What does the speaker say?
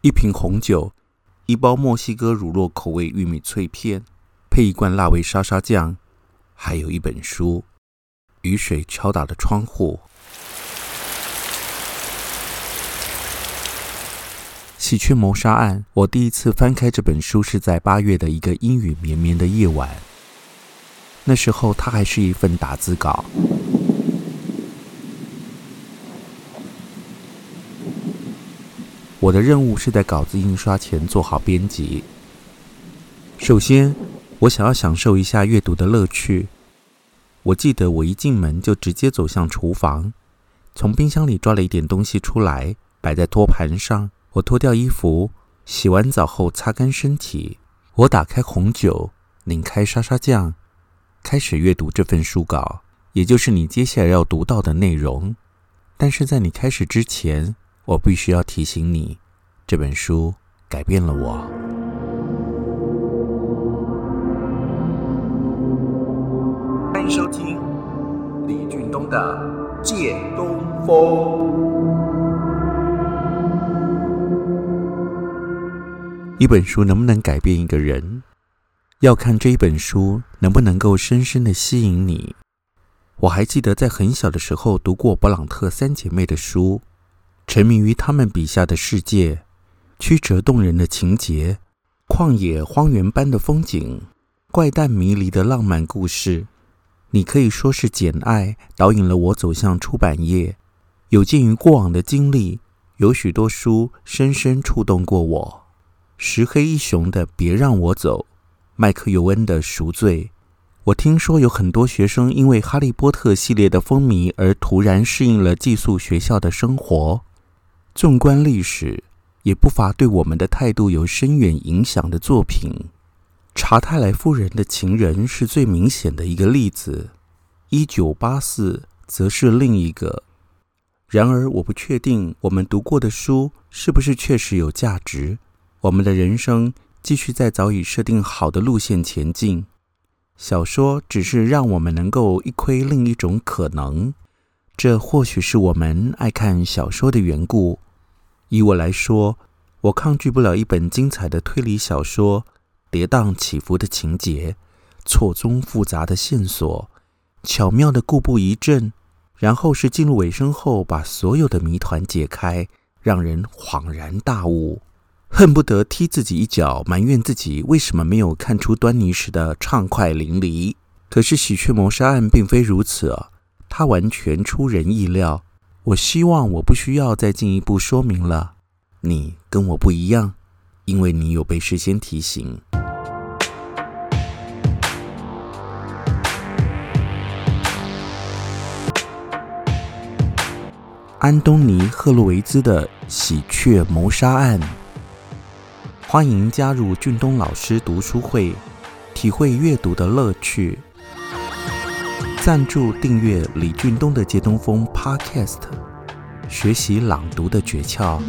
一瓶紅酒，一包墨西哥乳酪口味玉米脆片，配一罐辣味沙沙醬，還有一本書，雨水敲打的窗戶。《喜鵲謀殺案》，我第一次翻開這本書是在八月的一個陰雨綿綿的夜晚，那時候它還是一份打字稿。我的任務是在稿子印刷前做好編輯。首先，我想要享受一下閱讀的樂趣。我記得我一進門就直接走向廚房，從冰箱裡抓了一點東西出來，擺在托盤上。我脫掉衣服，洗完澡後擦乾身體。我打開紅酒，擰開莎莎醬，開始閱讀這份書稿，也就是你接下來要讀到的內容。但是在你開始之前，我必須要提醒你，這本書改變了我。歡迎收聽李俊東的《借東風》。一本書能不能改變一個人，要看這一本書能不能夠深深的吸引你。我還記得在很小的時候讀過勃朗特三姐妹的書。沉迷於他們筆下的世界，曲折動人的情節，曠野荒原般的風景，怪誕迷離的浪漫故事。你可以說是《簡愛》導引了我走向出版業。有鑒於過往的經歷，有許多書深深觸動過我。石黑一雄的《別讓我走》，麥克尤恩的《贖罪》。我聽說有很多學生因為《哈利波特》系列的風靡而突然適應了寄宿學校的生活。縱觀歷史，也不乏對我們的態度有深遠影響的作品，《查泰萊夫人的情人》是最明顯的一個例子，《一九八四》則是另一個。然而，我不確定我們讀過的書是不是確實有價值。我們的人生繼續在早已設定好的路線前進，小說只是讓我們能夠一窺另一種可能。這或許是我們愛看小說的緣故。以我來說，我抗拒不了一本精彩的推理小說，跌宕起伏的情節，錯綜複雜的線索，巧妙的故布疑陣，然後是進入尾聲後把所有的謎團解開，讓人恍然大悟，恨不得踢自己一腳，埋怨自己為什麼沒有看出端倪時的暢快淋漓。可是喜鵲謀殺案並非如此，它完全出人意料。我希望我不需要再進一步說明了。你跟我不一樣，因為你有被事先提醒。安東尼·赫洛維茲的《喜鵲謀殺案》。歡迎加入俊東老師讀書會，體會閱讀的樂趣。贊助訂閱李俊東的《借東風》Podcast，學習朗讀的訣竅。